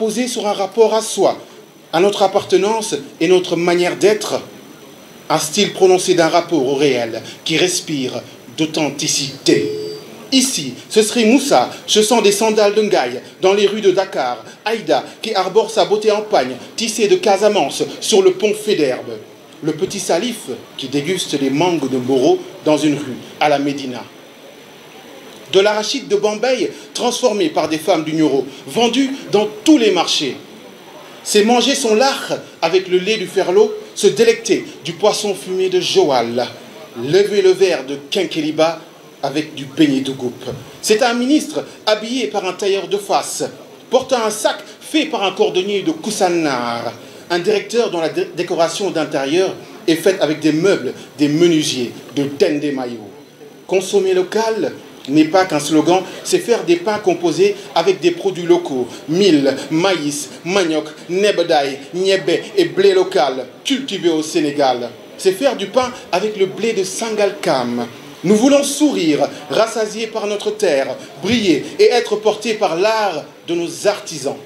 posée sur un rapport à soi, à notre appartenance et notre manière d'être, un style prononcé d'un rapport au réel qui respire d'authenticité. Ici, ce serait Moussa, chaussant des sandales de Ngaï dans les rues de Dakar, Aïda, qui arbore sa beauté en pagne, tissée de Casamance sur le pont Fédherbe, le petit Salif, qui déguste les mangues de Moro dans une rue, à la Médina. de l'arachide de Bombay transformé par des femmes du Nioro, vendu dans tous les marchés. C'est manger son lard avec le lait du ferlo, se délecter du poisson fumé de Joal, lever le verre de Kinkeliba avec du beignet de goupe. C'est un ministre habillé par un tailleur de face, portant un sac fait par un cordonnier de Koussanar, un directeur dont la dé décoration d'intérieur est faite avec des meubles, des menuisiers, de tendemayo. Consommer local, n'est pas qu'un slogan, c'est faire des pains composés avec des produits locaux, mil, maïs, manioc, nebedaï, niébé et blé local, cultivé au Sénégal. C'est faire du pain avec le blé de Sangalkam. Nous voulons sourire, rassasiés par notre terre, briller et être portés par l'art de nos artisans.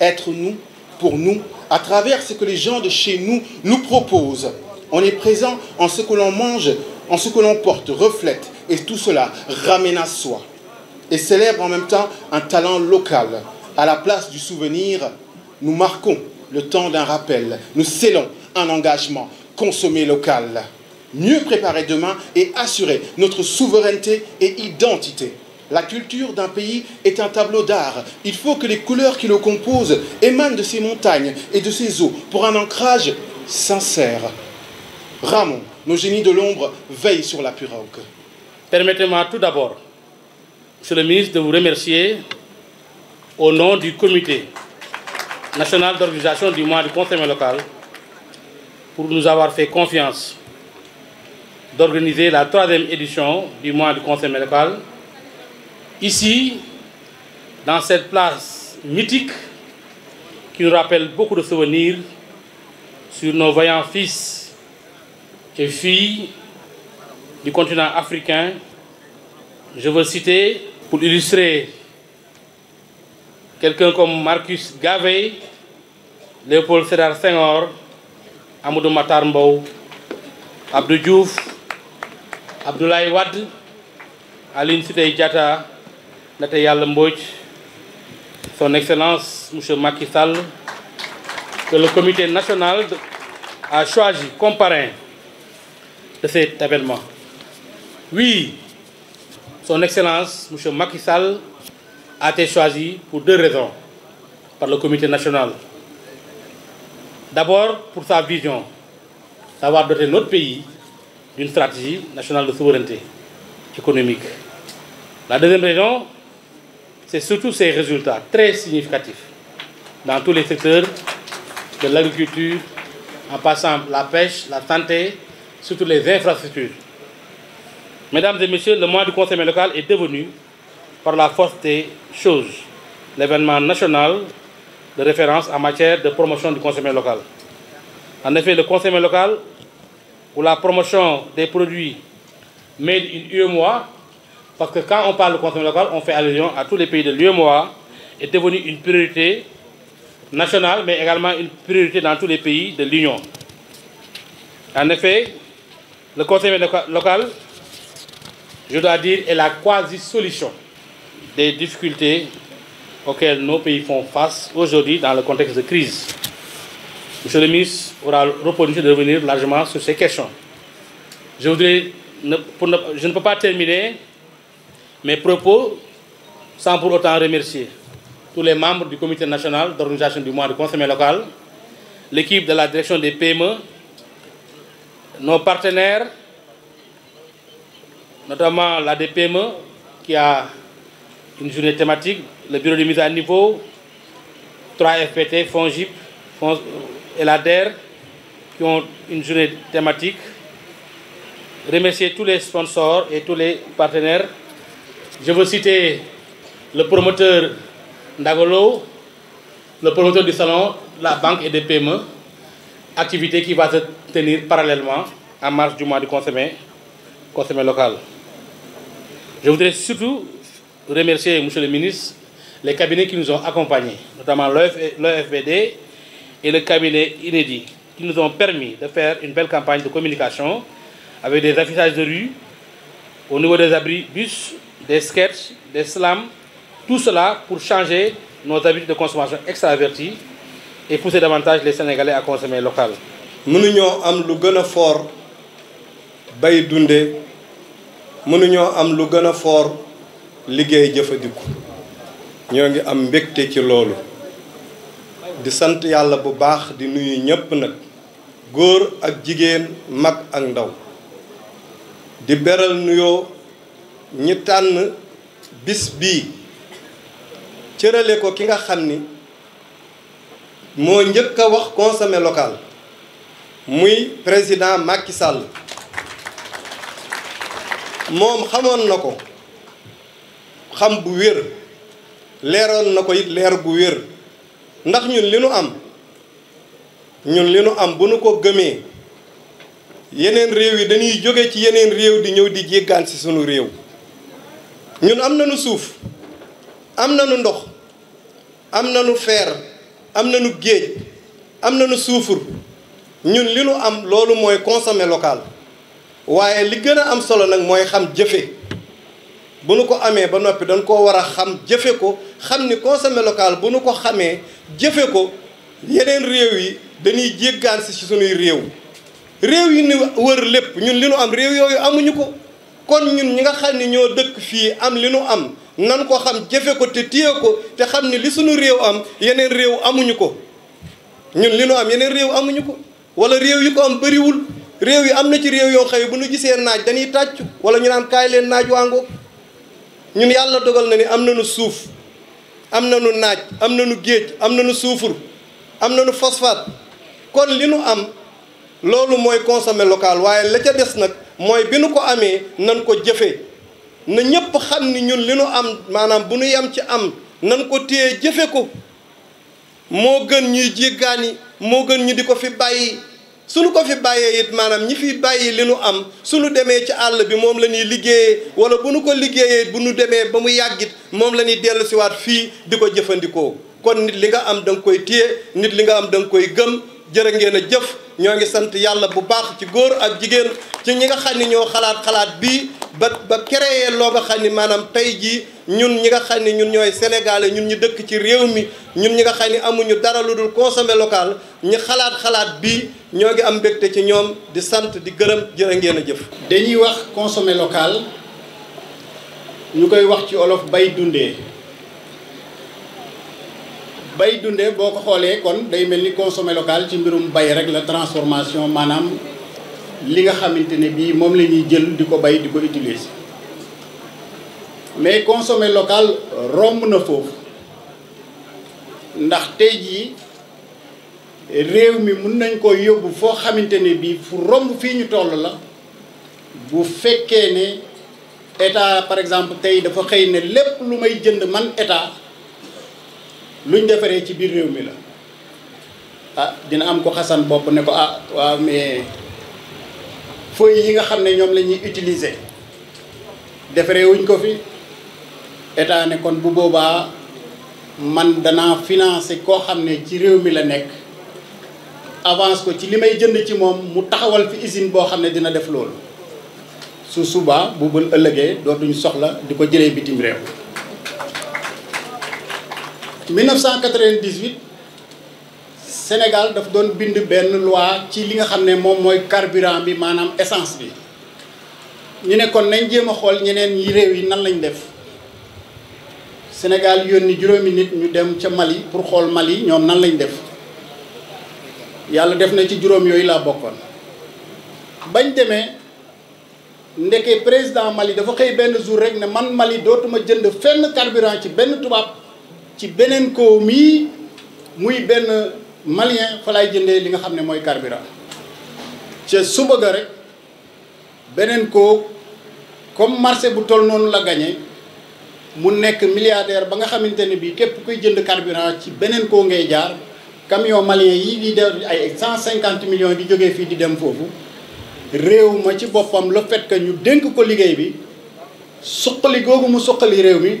Être nous, pour nous, à travers ce que les gens de chez nous nous proposent. On est présent en en ce que l'on porte, reflète et tout cela ramène à soi et célèbre en même temps un talent local. À la place du souvenir, nous marquons le temps d'un rappel, nous scellons un engagement, consommer local, mieux préparer demain et assurer notre souveraineté et identité. La culture d'un pays est un tableau d'art. Il faut que les couleurs qui le composent émanent de ses montagnes et de ses eaux pour un ancrage sincère. Ramon, nos génies de l'ombre, veillent sur la pirogue. Permettez-moi tout d'abord, Monsieur le ministre, de vous remercier au nom du comité national d'organisation du mois du conseil local pour nous avoir fait confiance d'organiser la troisième édition du mois du conseil local ici, dans cette place mythique qui nous rappelle beaucoup de souvenirs sur nos voyants fils et filles du continent africain, je veux citer, pour illustrer, quelqu'un comme Marcus Garvey, Léopold Sédar Senghor, Amadou Matar Mbow, Abdou Diouf, Abdoulaye Wade, Aline Sitoé Diatta, Son Excellence Monsieur Macky Sall, que le comité national a choisi comme de cet événement. Oui, Son Excellence, M. Macky Sall, a été choisi pour deux raisons par le comité national. D'abord, pour sa vision, savoir doter notre pays d'une stratégie nationale de souveraineté économique. La deuxième raison, c'est surtout ses résultats très significatifs dans tous les secteurs de l'agriculture, en passant la pêche, la santé, surtout les infrastructures. Mesdames et messieurs, le mois du conseil est devenu, par la force des choses, l'événement national de référence en matière de promotion du conseil local. En effet, le conseil local, la promotion des produits made in UEMOA, parce que quand on parle de conseil on fait allusion à tous les pays de l'UEMOA, est devenu une priorité nationale, mais également une priorité dans tous les pays de l'Union. En effet, le conseil local je dois dire, est la quasi-solution des difficultés auxquelles nos pays font face aujourd'hui dans le contexte de crise. Monsieur le ministre aura l'opportunité de revenir largement sur ces questions. Je, voudrais, ne, pour ne, je ne peux pas terminer mes propos sans pour autant remercier tous les membres du comité national d'organisation du mois de consommé local, l'équipe de la direction des PME, nos partenaires notamment la DPME qui a une journée thématique, le bureau de mise à niveau, 3FPT, Fonds euh, et la DER qui ont une journée thématique. Remercier tous les sponsors et tous les partenaires. Je veux citer le promoteur Ndagolo, le promoteur du salon, la banque et des PME, activité qui va se tenir parallèlement en marge du mois du consommé, local. Je voudrais surtout remercier, Monsieur le ministre, les cabinets qui nous ont accompagnés, notamment l'OFBD et le cabinet Inédit, qui nous ont permis de faire une belle campagne de communication avec des affichages de rue, au niveau des abris bus, des sketchs, des slams, tout cela pour changer nos habitudes de consommation extraverties et pousser davantage les Sénégalais à consommer local. mënuñoo am lu gën a fort bay dunde mënuñoo am lu gën a foor liggéey jëfandiku ñoo ngi am mbégte ci loolu di sant yàlla bu baax di nuyu ñëpp nag góor ak jigéen mag ak ndaw di beral nuyoo ñi tànn bis bi cërale ko ki nga xam ni moo njëkk a wax consommé local muy président Macky Sall moom xamoon na ko xam bu wér leeroon na ko leer bu wér ndax ñun li nu am ñun li nu am bu nu ko gëmee yeneen réew yi dañuy jóge ci yeneen réew di ñëw di jéggaan si sunu réew ñun am nañu suuf am na nu ndox am na nañu feer am na nañu géej am na nu suufur ñun li nu am loolu mooy consommer local waaye li gën a am solo nag mooy xam jëfe bu nu ko amee ba noppi dañ koo war a xam jëfe ko xam ni consommé local bu nu ko xamee jëfe ko yeneen réew yi dañuy jéggaan si ci réew réew yi ni wër lépp ñun li nu am réew yooyu amuñu ko kon ñun ñi nga xam ni ñoo dëkk fii am li nu am nan ko xam jëfe ko te téye ko te xam ni li suñu réew am yeneen réew amuñu ko ñun li nu am yeneen réew amuñu ko wala réew yi ko am bëriwul réew yi am na ci réew yoo xëy bu ñu gisee naaj dañuy tàcc wala ñu naan kaay leen naaj waango ñun yàlla dogal na ni am nañu suuf am na nañu naaj am na nu géej am na nañu suufur am na nañu phosphate kon li nu am loolu mooy consommer local waaye la ca des nag mooy bi nu ko amee nan ko jëfee na ñëpp xam ni ñun li nu am maanaam bu nu am ci am nan ko téye jëfe ko moo gën ñuy jéggaani moo gën ñu di ko fi bàyyi suñu ko fi bàyyee it maanaam ñi fi bàyyi li nu am su suñu demee ci àll bi moom la ñuy liggéeyee wala bu nu ko liggéeyee bu nu demee ba mu yàggit moom la ñuy dellu siwaat fii di ko jëfandikoo kon nit li nga am da nga koy téye nit li nga am da nga koy gëm jërë ngeen a jëf ñoo ngi sant yàlla bu baax ci góor ak jigéen ci ñi nga xam ni ñoo xalaat xalaat bi ba ba créé loo nga xam ni maanaam tey jii ñun ñi nga xam ne ñun ñooy sénégalais ñun ñu dëkk ci réew mi ñun ñi nga xam ni amuñu dara lu dul consommer local ñu xalaat xalaat bi ñoo ngi am mbégte ci ñoom di sant di gërëm jërë ngeen a jëf. dañuy wax consommer local ñu koy wax ci olof bay dundee bay dundee boo ko xoolee kon day mel ni consommer local ci mbirum bay rek la transformation maanaam li nga xamante ne bii moom la ñuy jël di ko bay di ko utiliser. mais consommer local romb na foofu ndax tey jii réew mi mun nañ ko yóbbu foo xamante ne bii fu romb fii ñu toll la bu fekkee ne état par exemple tey dafa xëy ne lépp lu may jënd man état luñ defaree ci biir réew mi la ah dina am ko xasan bopp ne ko ah waaw mais feuilles yi nga xam ne ñoom la ñuy utiliser defaree wuñ ko fi état ne kon bu boobaa man danaa financer koo xam ne ci réew mi la nekk avance ko ci li may jënd ci moom mu taxawal fi usine boo xam ne dina def loolu su subaa bu bën ëllëgee dootuñu soxla di ko jëlee bitim réew 1998 Sénégal daf doon bind benn loi ci li nga xam ne moom mooy carburant bi maanaam essence bi ñu ne kon nañ jéem a xool ñeneen yi réew yi nan lañ def Sénégal ni juróomi nit ñu dem ca Mali pour xool Mali ñoom nan lañ def yàlla def na ci juróom yooyu laa bokkoon bañ demee ndeke président Mali dafa xëy benn jour rek ne man Mali dootuma jënd fenn carburant ci benn tubaab ci beneen kaw mii muy benn malien fa laay jëndee li nga xam ne mooy carburant ca suba ga rek beneen kaw comme marché bu toll noonu la gagné. mu nekk milliardaire ba nga xamante ne bii képp kuy jënd carburant ci beneen koo ngay jaar camion malien yi di def ay cent cinquante millions di jógee fii di dem foofu réew ma ci boppam le fait que ñu dénk ko liggéey bi suqali googu mu suqali réew mi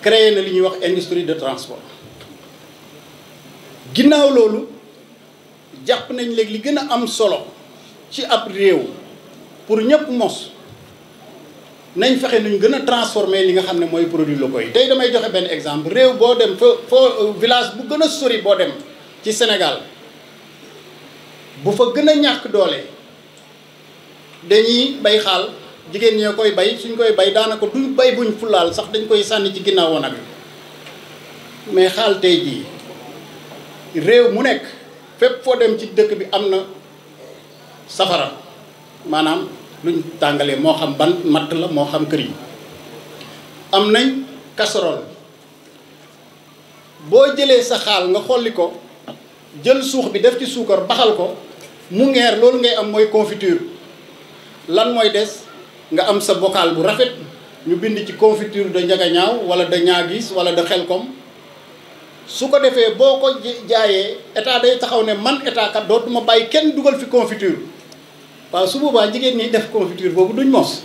créer na li ñuy wax industrie de transport ginnaaw loolu jàpp nañ léegi li gën a am solo ci ab réew pour ñëpp mos nañ fexe nuñ gën a transformer li nga xam ne mooy produit locaux yi. tey damay joxe benn exemple réew boo dem fa foo village bu gën a sori boo dem ci Sénégal bu fa gën a ñàkk doole dañuy bay xaal jigéen ñoo koy bay suñ koy bay daanaka duñ bay buñ fulaal sax dañ koy sànni ci ginnaaw woon ak mais xaal tey jii réew mu nekk fépp foo dem ci dëkk bi am na safara maanaam. luñ tàngalee moo xam ban matt la moo xam kër am nañ casserole boo jëlee sa xaal nga xolli ko jël suux bi def ci suukar baxal ko mu ngeer loolu ngay am mooy confiture lan mooy des nga am sa bocal bu rafet ñu bind ci confiture de njagañaaw wala de ñaagis wala de kom su ko defee boo ko jaayee état day taxaw ne man état kat dootuma bàyyi kenn dugal fi confiture waaw su boobaa jigéen ñi def confiture boobu duñ mos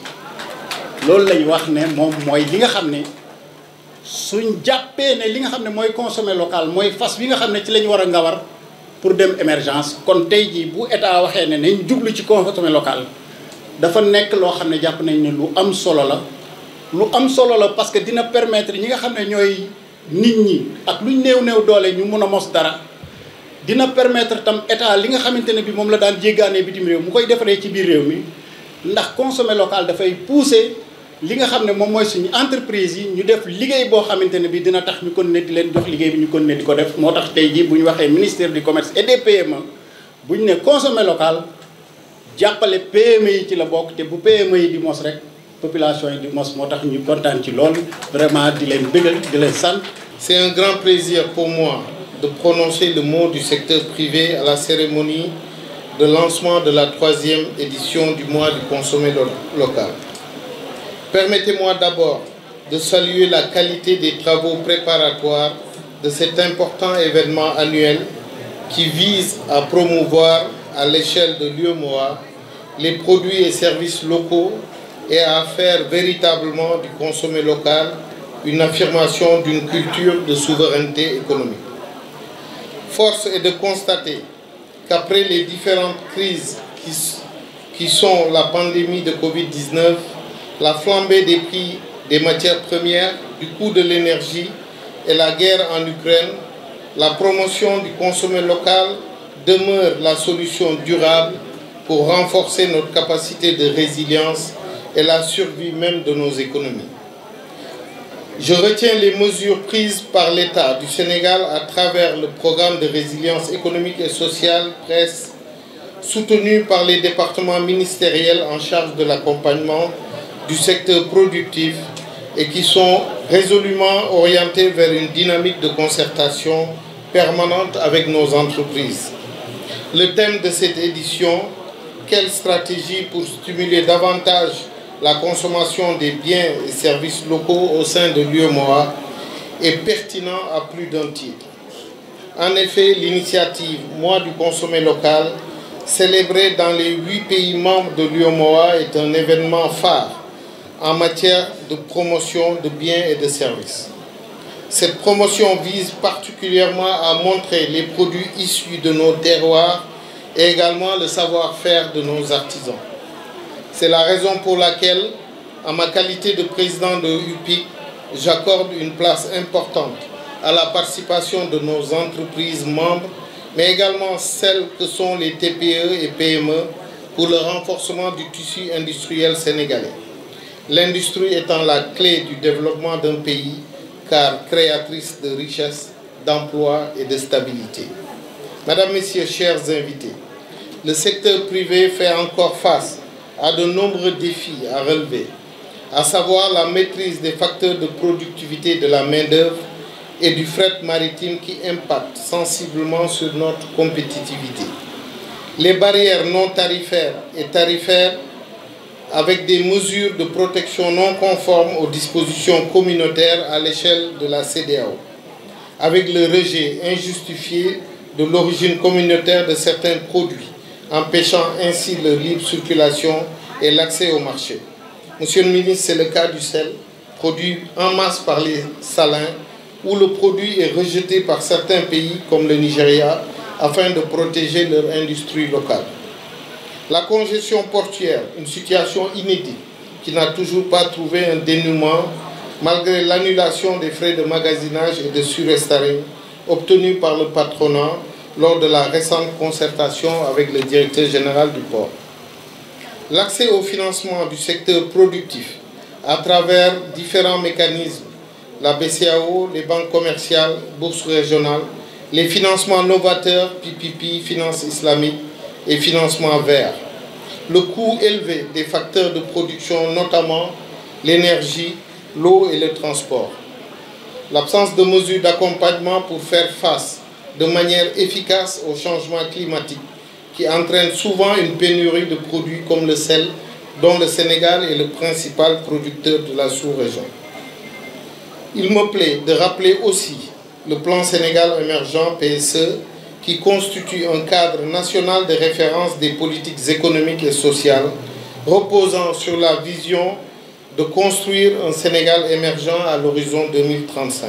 loolu lañu wax ne moom mooy li nga xam ne suñ jàppee ne li nga xam ne mooy consommer local mooy fas bi nga xam ne ci lañ war a ngawar pour dem émergence kon tey jii bu état waxee ne nañ jublu ci consommer local dafa nekk loo xam ne jàpp nañ ni lu am solo la lu am solo la parce que dina permettre ñi nga xam ne ñooy nit ñi ak luñ néew néew doole ñu mun a mos dara dina permettre tam état li nga xamante ne bi moom la daan jéggaane bitim réew mu koy defaree ci biir réew mi ndax consommer local dafay pousser li nga xam ne moom mooy suñu entreprise yi ñu def liggéey boo xamante ne bi dina tax ñu kon ne di leen jox liggéey bi ñu kon ne di ko def moo tax tey jii bu ñu waxee ministère du commerce et des bu ñu ne consommer local jàppale PME yi ci la bokk te bu PME yi di mos rek population yi di mos moo tax ñu kontaan ci lool vraiment di leen bëggal di leen sant. c'est un grand plaisir pour moi. de prononcer le mot du secteur privé à la cérémonie de lancement de la troisième édition du mois du consommé local. Permettez-moi d'abord de saluer la qualité des travaux préparatoires de cet important événement annuel qui vise à promouvoir à l'échelle de l'UEMOA les produits et services locaux et à faire véritablement du consommé local une affirmation d'une culture de souveraineté économique. force est de constater qu'après les différentes crises qui, qui sont la pandémie de Covid-19, la flambée des prix des matières premières, du coût de l'énergie et la guerre en Ukraine, la promotion du consommé local demeure la solution durable pour renforcer notre capacité de résilience et la survie même de nos économies. Je retiens les mesures prises par l'État du Sénégal à travers le programme de résilience économique et sociale presse soutenu par les départements ministériels en charge de l'accompagnement du secteur productif et qui sont résolument orientés vers une dynamique de concertation permanente avec nos entreprises. Le thème de cette édition, quelle stratégie pour stimuler davantage la consommation des biens et services locaux au sein de l'UEMOA est pertinent à plus d'un titre. En effet, l'initiative Mois du consommé local, célébrée dans les huit pays membres de l'UEMOA, est un événement phare en matière de promotion de biens et de services. Cette promotion vise particulièrement à montrer les produits issus de nos terroirs et également le savoir-faire de nos artisans. C'est la raison pour laquelle, en ma qualité de président de UPIC, j'accorde une place importante à la participation de nos entreprises membres, mais également celles que sont les TPE et PME pour le renforcement du tissu industriel sénégalais. L'industrie étant la clé du développement d'un pays, car créatrice de richesses, d'emplois et de stabilité. Madame, Messieurs, chers invités, le secteur privé fait encore face à de nombreux défis à relever, à savoir la maîtrise des facteurs de productivité de la main-d'œuvre et du fret maritime qui impactent sensiblement sur notre compétitivité. Les barrières non tarifaires et tarifaires avec des mesures de protection non conformes aux dispositions communautaires à l'échelle de la CDAO, avec le rejet injustifié de l'origine communautaire de certains produits empêchant ainsi leur libre circulation et l'accès au marché. Monsieur le ministre, c'est le cas du sel, produit en masse par les salins, où le produit est rejeté par certains pays comme le Nigeria afin de protéger leur industrie locale. La congestion portuaire, une situation inédite qui n'a toujours pas trouvé un dénouement malgré l'annulation des frais de magasinage et de surestaring obtenus par le patronat lors de la récente concertation avec le directeur général du port. L'accès au financement du secteur productif à travers différents mécanismes, la BCAO, les banques commerciales, bourses régionales, les financements novateurs, PPP, finance islamique et financement vert. Le coût élevé des facteurs de production, notamment l'énergie, l'eau et le transport. L'absence de mesures d'accompagnement pour faire face de manière efficace au changement climatique qui entraîne souvent une pénurie de produits comme le sel, dont le Sénégal le principal producteur de la sous-région. Il me plaît de le plan Sénégal émergent PSE qui un cadre national de référence des politiques économiques et sociales reposant sur la vision de construire un Sénégal émergent à l'horizon 2035.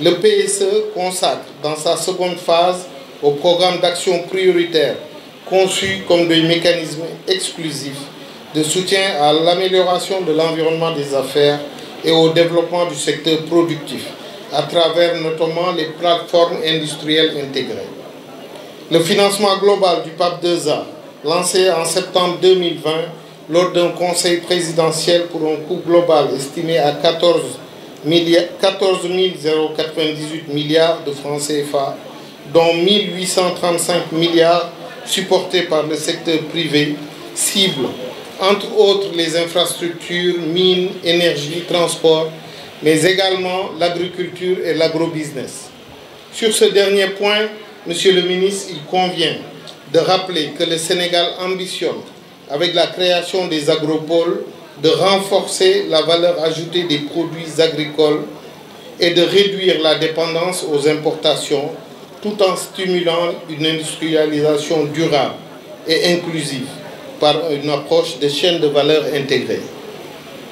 le PSE consacre dans sa seconde phase au programme d'action prioritaire conçu comme des mécanismes exclusifs de soutien à l'amélioration de l'environnement des affaires et au développement du secteur productif, à travers notamment les plateformes industrielles intégrées. Le financement global du PAP 2A, lancé en septembre 2020 lors d'un conseil présidentiel pour un coût global estimé à 14 milliard 14 098 milliards de francs CFA, dont 1835 milliards supportés par le secteur privé, cible entre autres les infrastructures, mines, énergie, transport, mais également l'agriculture et l'agrobusiness. Sur ce dernier point, Monsieur le ministre, il convient de rappeler que le Sénégal ambitionne, avec la création des agropoles, de renforcer la valeur ajoutée des produits agricoles et de réduire la dépendance aux importations tout en stimulant une industrialisation durable et inclusive par une approche des chaînes de valeur intégrées.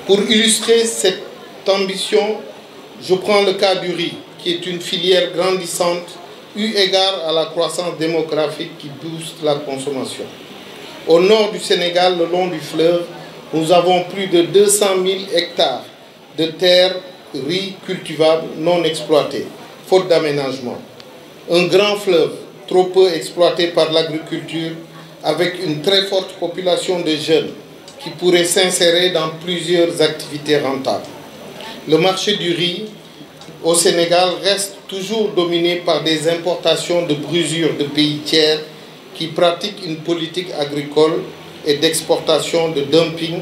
Pour illustrer cette ambition, je prends le cas du riz, qui est une filière grandissante eu égard à la croissance démographique qui booste la consommation. Au nord du Sénégal, le long du fleuve, Nous avons plus de 200 000 hectares de terres riz cultivables non exploitées, faute d'aménagement. Un grand fleuve trop peu exploité par l'agriculture avec une très forte population de jeunes qui pourraient s'insérer dans plusieurs activités rentables. Le marché du riz au Sénégal reste toujours dominé par des importations de brusures de pays tiers qui pratiquent une politique agricole et d'exportation de dumping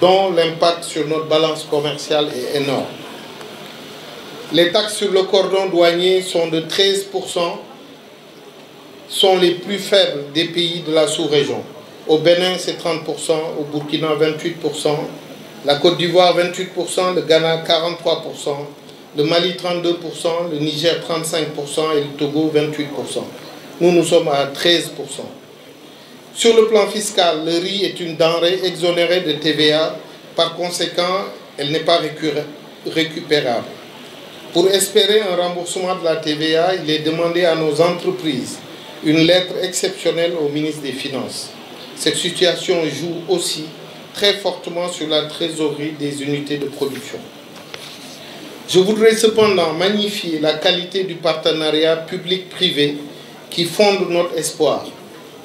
dont l'impact sur notre balance commerciale est énorme. Les sur le cordon douanier sont de 13%, sont les plus faibles des pays de la sous-région. Au Bénin, c'est 30%, au Burkina, 28%, la Côte d'Ivoire, 28%, le Ghana, 43%, le Mali, 32%, le Niger, 35% et le Togo, 28%. Nous, nous sommes à 13%. Sur le plan fiscal, le riz est une denrée exonérée de TVA. Par conséquent, elle n'est pas récupérable. Pour espérer un remboursement de la TVA, il est demandé à nos entreprises une lettre exceptionnelle au ministre des Finances. Cette situation joue aussi très fortement sur la trésorerie des unités de production. Je voudrais cependant magnifier la qualité du partenariat public-privé qui fonde notre espoir.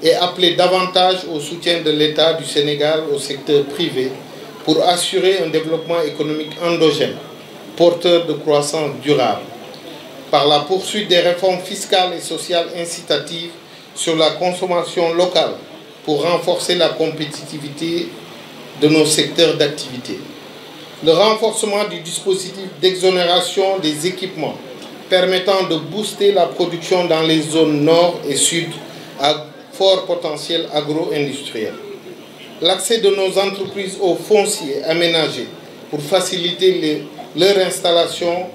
et appeler davantage au soutien de l'État du Sénégal au secteur privé pour assurer un développement économique endogène, porteur de croissance durable, par la poursuite des réformes fiscales et sociales incitatives sur la consommation locale pour renforcer la compétitivité de nos secteurs d'activité. Le renforcement du dispositif d'exonération des équipements permettant de booster la production dans les zones nord et sud à fort potentiel agro-industriel. L'accès de nos entreprises aux fonciers aménagés pour faciliter les, leur installation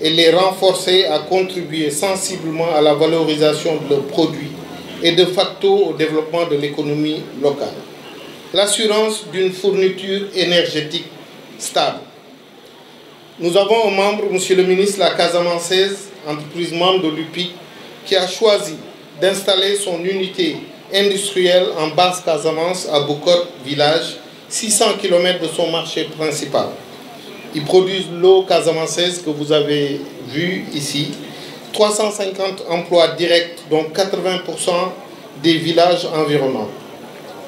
et les renforcer a contribué sensiblement à la valorisation de leurs produits et de facto au développement de l'économie locale. L'assurance d'une fourniture énergétique stable. Nous avons un membre, Monsieur le ministre, la Casamanceaise, entreprise membre de l'UPIC, qui a choisi d'installer son unité industriel en Basse-Casamance à Boucotte village, 600 km de son marché principal. Ils produisent l'eau casamanceuse que vous avez vue ici. 350 emplois directs, dont 80% des villages environnants.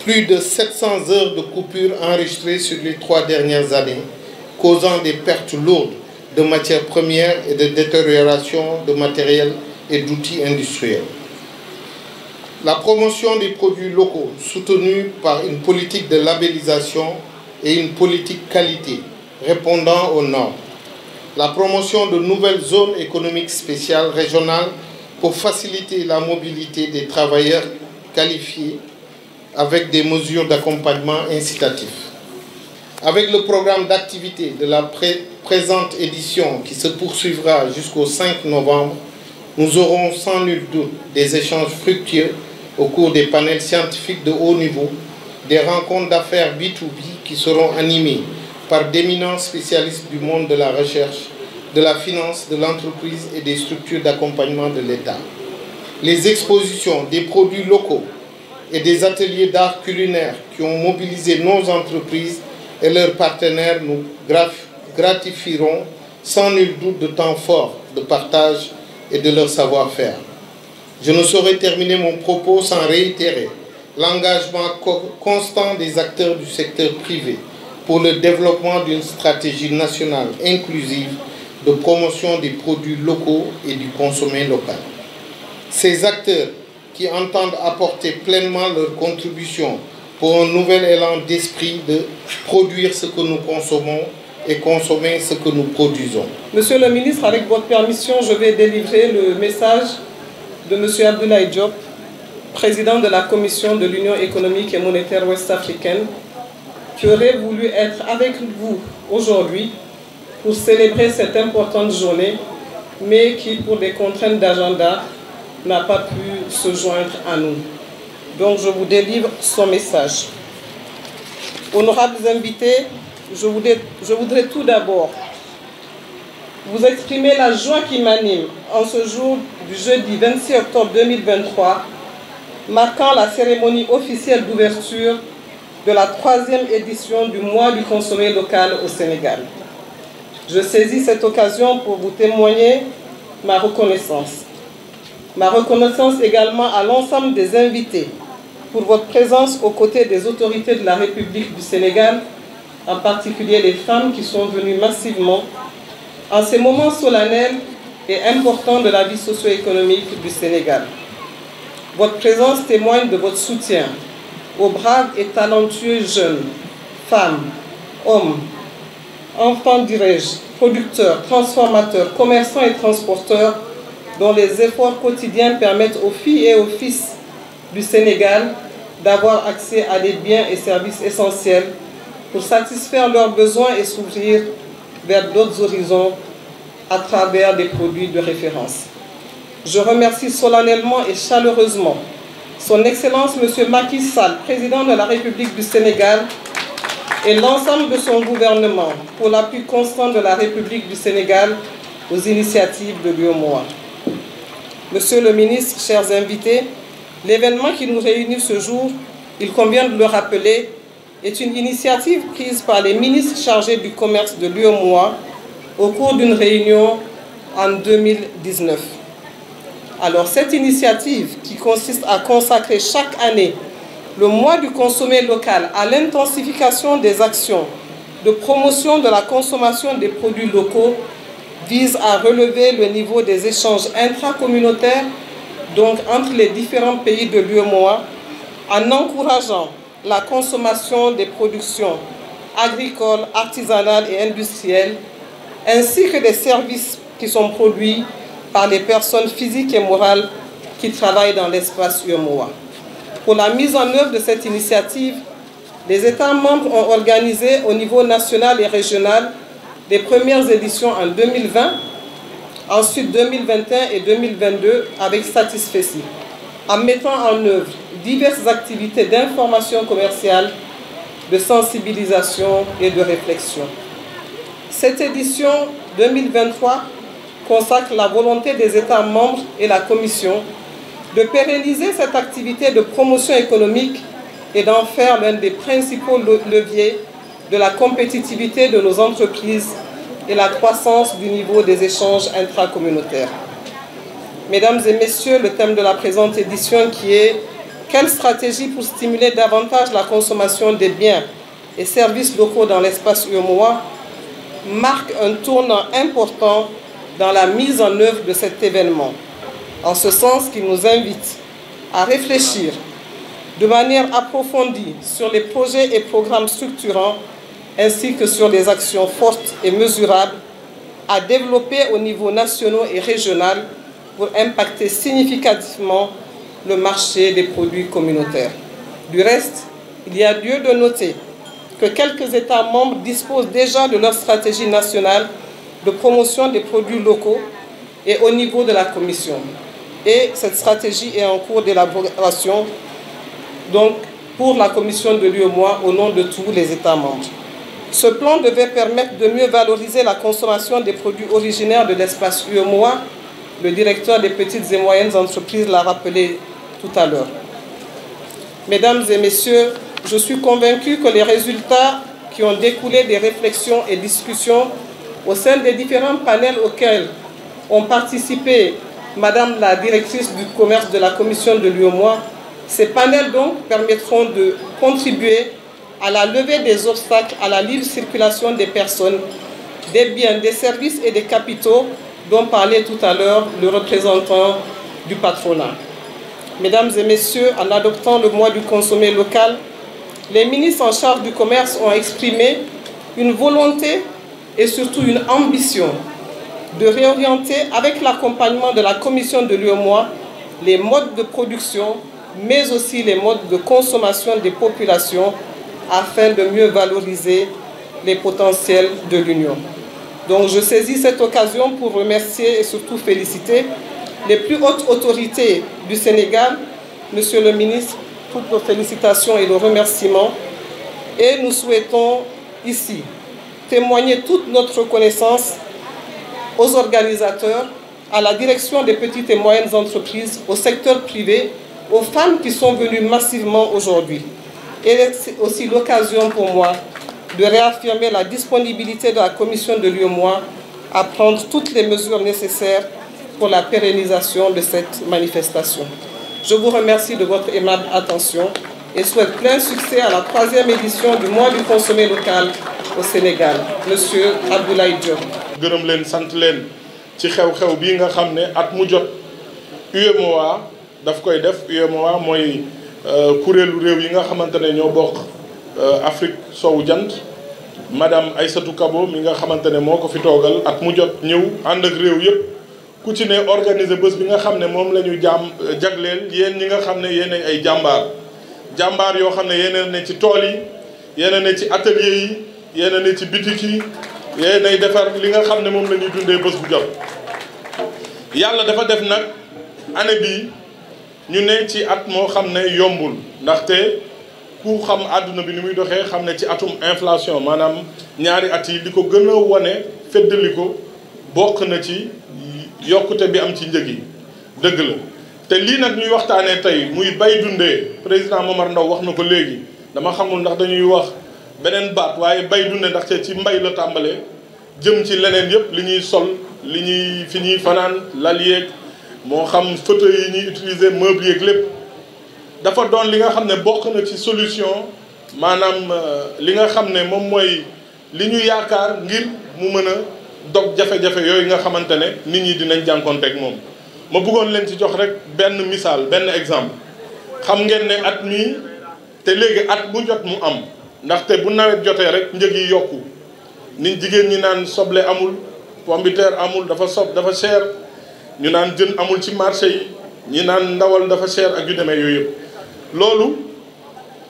Plus de 700 heures de coupures enregistrées sur les trois dernières années, causant des pertes lourdes de matières premières et de détérioration de matériel et d'outils industriels. La promotion des produits locaux, soutenue par une politique de labellisation et une politique qualité, répondant au normes. La promotion de nouvelles zones économiques spéciales régionales pour faciliter la mobilité des travailleurs qualifiés avec des mesures d'accompagnement incitatifs. Avec le programme d'activité de la pré présente édition qui se poursuivra jusqu'au 5 novembre, nous aurons sans nul doute des échanges fructueux au cours des panels scientifiques de haut niveau, des rencontres d'affaires B2B qui seront animées par d'éminents spécialistes du monde de la recherche, de la finance, de l'entreprise et des structures d'accompagnement de l'État. Les expositions des produits locaux et des ateliers d'art culinaire qui ont mobilisé nos entreprises et leurs partenaires nous gratifieront sans nul doute de temps fort de partage et de leur savoir-faire. Je ne saurais terminer mon propos sans réitérer l'engagement constant des acteurs du secteur privé pour le développement d'une stratégie nationale inclusive de promotion des produits locaux et du consommé local. Ces acteurs qui entendent apporter pleinement leur contribution pour un nouvel élan d'esprit de produire ce que nous consommons et consommer ce que nous produisons. Monsieur le ministre, avec votre permission, je vais délivrer le message de M. Abdoulaye Diop, président de la Commission de l'Union économique et monétaire ouest-africaine, qui aurait voulu être avec vous aujourd'hui pour célébrer cette importante journée, mais qui, pour des contraintes d'agenda, n'a pas pu se joindre à nous. Donc je vous délivre son message. Honorables invités, je voudrais, je voudrais tout d'abord vous exprimer la joie qui m'anime en ce jour du jeudi 26 octobre 2023, marquant la cérémonie officielle d'ouverture de la troisième édition du mois du consommé local au Sénégal. Je saisis cette occasion pour vous témoigner ma reconnaissance. Ma reconnaissance à l'ensemble des invités pour votre présence aux côtés des autorités de la République du Sénégal, en particulier les femmes qui sont venues en ces moments solennels et importants de la vie socio-économique du Sénégal. Votre présence témoigne de votre soutien aux braves et talentueux jeunes, femmes, hommes, enfants, dirais-je, producteurs, transformateurs, commerçants et transporteurs, dont les efforts quotidiens permettent aux filles et aux fils du Sénégal d'avoir accès à des biens et services essentiels pour satisfaire leurs besoins et s'ouvrir vers d'autres horizons à travers des produits de référence. Je remercie solennellement et chaleureusement son Excellence Monsieur Macky Sall, président de la République du Sénégal, et l'ensemble de son gouvernement pour l'appui constant de la République du Sénégal aux initiatives de l'événement qui nous réunit ce jour, il convient de le rappeler, est une initiative prise par les ministres chargés du commerce de l'UEMOA au cours d'une réunion en 2019. Alors cette initiative qui à consacrer chaque année le mois du consommé local à l'intensification des actions de promotion de la consommation des produits locaux vise à relever le niveau des échanges intracommunautaires, donc entre les différents pays de la consommation des productions agricoles, artisanales et industrielles, ainsi que des services qui sont produits par les personnes physiques et morales qui travaillent dans l'espace UMOA. Pour la mise en œuvre de cette initiative, les États membres ont organisé au niveau national et régional les premières éditions en 2020, ensuite 2021 et 2022 avec Satisfeci. en mettant en œuvre diverses activités d'information commerciale, de sensibilisation et de réflexion. Cette édition 2023 consacre la volonté des États membres et la Commission de pérenniser cette activité de promotion économique et d'en faire l'un des principaux leviers de la compétitivité de nos entreprises et la croissance du niveau des échanges intracommunautaires. Mesdames et messieurs, le thème de la présente édition qui est Quelle stratégie pour stimuler davantage la consommation des biens et services locaux dans l'espace UMOA marque un tournant important dans la mise en œuvre de cet événement, en ce sens qu'il nous invite à réfléchir de manière approfondie sur les projets et programmes structurants ainsi que sur les actions fortes et mesurables à développer au niveau nationaux et régional pour impacter significativement le marché des produits communautaires. Du reste, il y a lieu de noter que quelques États membres disposent déjà de leur stratégie nationale de promotion des produits locaux et au niveau de la Commission. Et cette stratégie est en cours d'élaboration donc pour la Commission de l'UEMOA au nom de tous les États membres. Ce plan devait permettre de mieux valoriser la consommation des produits originaires de l'espace UEMOA Le directeur des petites et moyennes entreprises l'a rappelé tout à l'heure. Mesdames et messieurs, je suis convaincue que les résultats qui ont découlé des réflexions et discussions au sein des différents panels auxquels ont participé Madame la directrice du commerce de la commission de mois Ces panels donc permettront de contribuer à la levée des obstacles à la libre circulation des personnes, des biens, des services et des capitaux dont parlait tout à l'heure le représentant du patronat. Mesdames et messieurs, en adoptant le mois du consommé local, les ministres en charge du commerce ont exprimé une volonté et surtout une ambition de réorienter avec l'accompagnement de la commission de l'UEMOA les modes de production mais aussi les modes de consommation des populations afin de mieux valoriser les potentiels de l'Union. Donc je saisis cette occasion pour remercier et surtout féliciter les plus hautes autorités du Sénégal, Monsieur le ministre, toutes nos félicitations et nos remerciements. Et nous souhaitons ici témoigner toute notre reconnaissance aux organisateurs, à la direction des petites et moyennes entreprises, au secteur privé, aux femmes qui sont venues massivement aujourd'hui. Et c'est aussi l'occasion pour moi de réaffirmer la disponibilité de la commission de l'UEMOA à prendre toutes les mesures nécessaires pour la pérennisation de cette manifestation. Je vous remercie de votre aimable attention et souhaite plein succès à la troisième édition du mois du consommé local au Sénégal monsieur Abdoulaye Diop. gërëm leen sant leen ci xew-xew bii nga xam ne at mu jot UEMOA daf koy def UEMOA mooy euh, kuréelu réew yi nga xamante ne ñoo bokk. Euh, Afrique sowu jant ay satu Kabo mi nga xamante ne moo ko fi toogal at mu jot ñëw ànd ak réew yëpp ku ci ne organiser bés bi nga xam ne moom lañuy ñu jaam euh, jagleel yéen ñi nga xam ne yéen ay jàmbaar jàmbaar yoo xam ne yéen ne ci tool yi yéen ne ci atelier yi yéen ne ci bitik yi yéen ay defar li nga xam ne moom lañuy ñuy dundee bés bu jot yàlla dafa def nag année bi ñu ne ci at moo xam ne yombul ndaxte ku xam àdduna bi ni muy doxee xam ne ci atum inflation maanaam ñaari at yi li ko gën a wane feddali ko bokk na ci yokkute bi am ci njëg yi dëgg la te lii nag ñuy waxtaanee tey muy bay dundee président Momar ndaw wax na ko léegi dama xamul ndax dañuy wax beneen baat waaye bay dundee ndax ci mbay la tàmbalee jëm ci leneen yëpp li ñuy sol li ñuy fi ñuy fanaan lal yeeg moo xam fauteuil yi ñuy utiliser meuble yeeg lépp dafa doon li nga xam ne bokk na ci solution maanaam euh, li nga xam ne moom mooy li ñu yaakaar ngir mu mën a dog jafe-jafe yooyu nga xamante ne nit ñi dinañ jànkoon jànkoonteeg moom. ma bëggoon leen ci jox rek benn misaal benn exemple xam ngeen ne at ñuy te léegi at bu jot mu am ndaxte bu nawet jotee rek njëg yi yokku nit jigéen ñi naan soble amul pombiteer amul dafa sob dafa cher ñu naan jën amul ci marché yi ñi naan ndawal dafa cher ak yu demee yooyu yëpp. loolu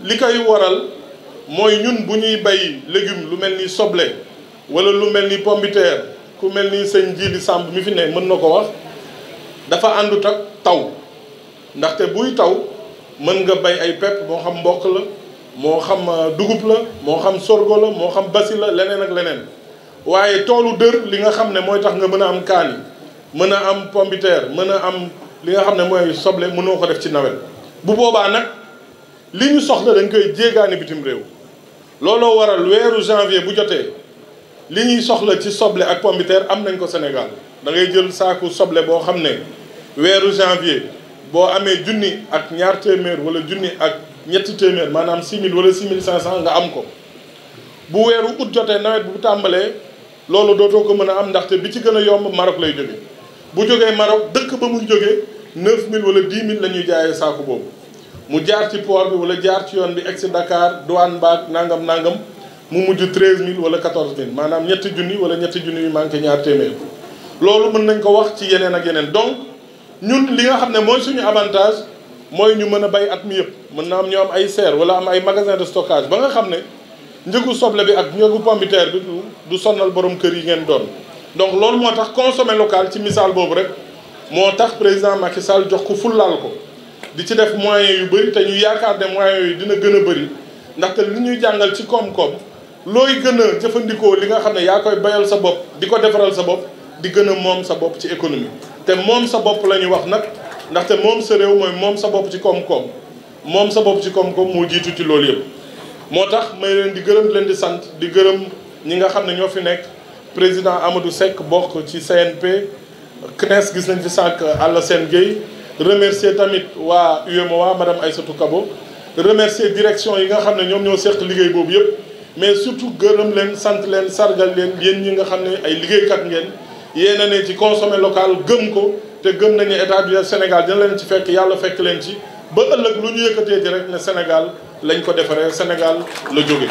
li koy waral mooy ñun bu ñuy bay légume lu mel ni soble wala lu mel ni pomme ku mel ni sëñ Jili Samb mi fi ne mën na ko wax dafa àndut ak taw ndaxte buy taw mën nga bay ay pepp moo xam mboq la moo xam euh, dugub la moo xam sorgho la moo xam basi la leneen ak leneen waaye toolu dër li nga xam ne mooy tax nga mën a am kaani mën a am pomme de mën a am li nga xam ne mooy soble mënoo ko def ci nawet bu boobaa nag li ñu soxla dañ koy jéegaane bitim réew looloo waral weeru janvier bu jotee li ñuy soxla ci soble ak pomme am nañ ko Sénégal da ngay jël saaku soble boo xam ne weeru janvier boo amee junni ak ñaar téeméer wala junni ak ñetti téeméer maanaam 6000 wala 6500 nga am ko bu weeru ut jotee nawet bu tàmbalee loolu dootoo ko mën a am ndaxte bi ci gën a yomb Maroc lay jóge bu jógee Maroc dëkk ba muy jógee neuf mille wala dix mille la ñuy jaayee saako boobu mu jaar ci port bi wala jaar ci yoon bi egg si Dakar douane baak nangam nangam mu mujj treize mille wala quatorze mille maanaam ñetti junni wala ñetti junni yu manqué ñaar téeméer loolu mën nañ ko wax ci yeneen ak yeneen donc ñun li nga xam ne mooy suñu avantage mooy ñu mën a bay at mi yëpp mën na am ñu am ay serre wala am ay magasin de stockage ba nga xam ne njëgu soble bi ak njëgu pombiteer bi du sonal borom kër yi ngeen doon donc loolu moo tax consommer local ci misaal boobu rek. moo tax président Macky Sall jox ko fullaal ko di ci def moyens yu bëri te ñu yaakaar ne moyen yooyu dina gën a bëri ndaxte li ñuy jàngal ci koom-koom looy gën a jëfandikoo li nga xam ne yaa koy bayal sa bopp di ko defaral sa bopp di gën a moom sa bopp ci économie. te moom sa bopp la ñuy wax nag ndaxte moom sa réew mooy moom sa bopp ci koom-koom moom sa bopp ci koom-koom moo jiitu ci loolu yëpp. moo tax may leen di gërëm leen di sant di gërëm ñi nga xam ne ñoo fi nekk président Amadou Seck bokk ci CNP. CNES gis nañ fi sànq seen Gueye remercier tamit waa UMOA madame Aïssatou Kabo remercier direction yi nga xam ne ñoom ñoo seq liggéey boobu yëpp mais surtout gërëm leen sant leen sargal leen yéen ñi nga xam ne ay liggéeykat ngeen yéen a ne ci consommer local gëm ko te gëm nañu état du Sénégal dina leen ci fekk yàlla fekk leen ci ba ëllëg lu ñu yëkkatee ci rek ne Sénégal lañ ko defaree Sénégal la jóge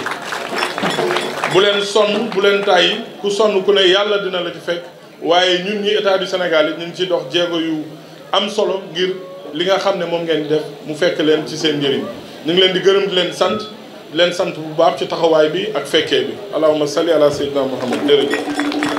bu leen sonn bu leen tàyyi ku sonn ku ne yàlla dina la ci fekk waaye ñun ñu état yu Sénégal it ñu ngi ci dox jéego yu am solo ngir li nga xam ne moom ngeen di def mu fekk leen ci seen njëriñ ñu ngi leen di gërëm leen sant leen sant bu baax ci taxawaay bi ak fekkee bi ma allahumma salli ala sayyidina muhammad jërëjëf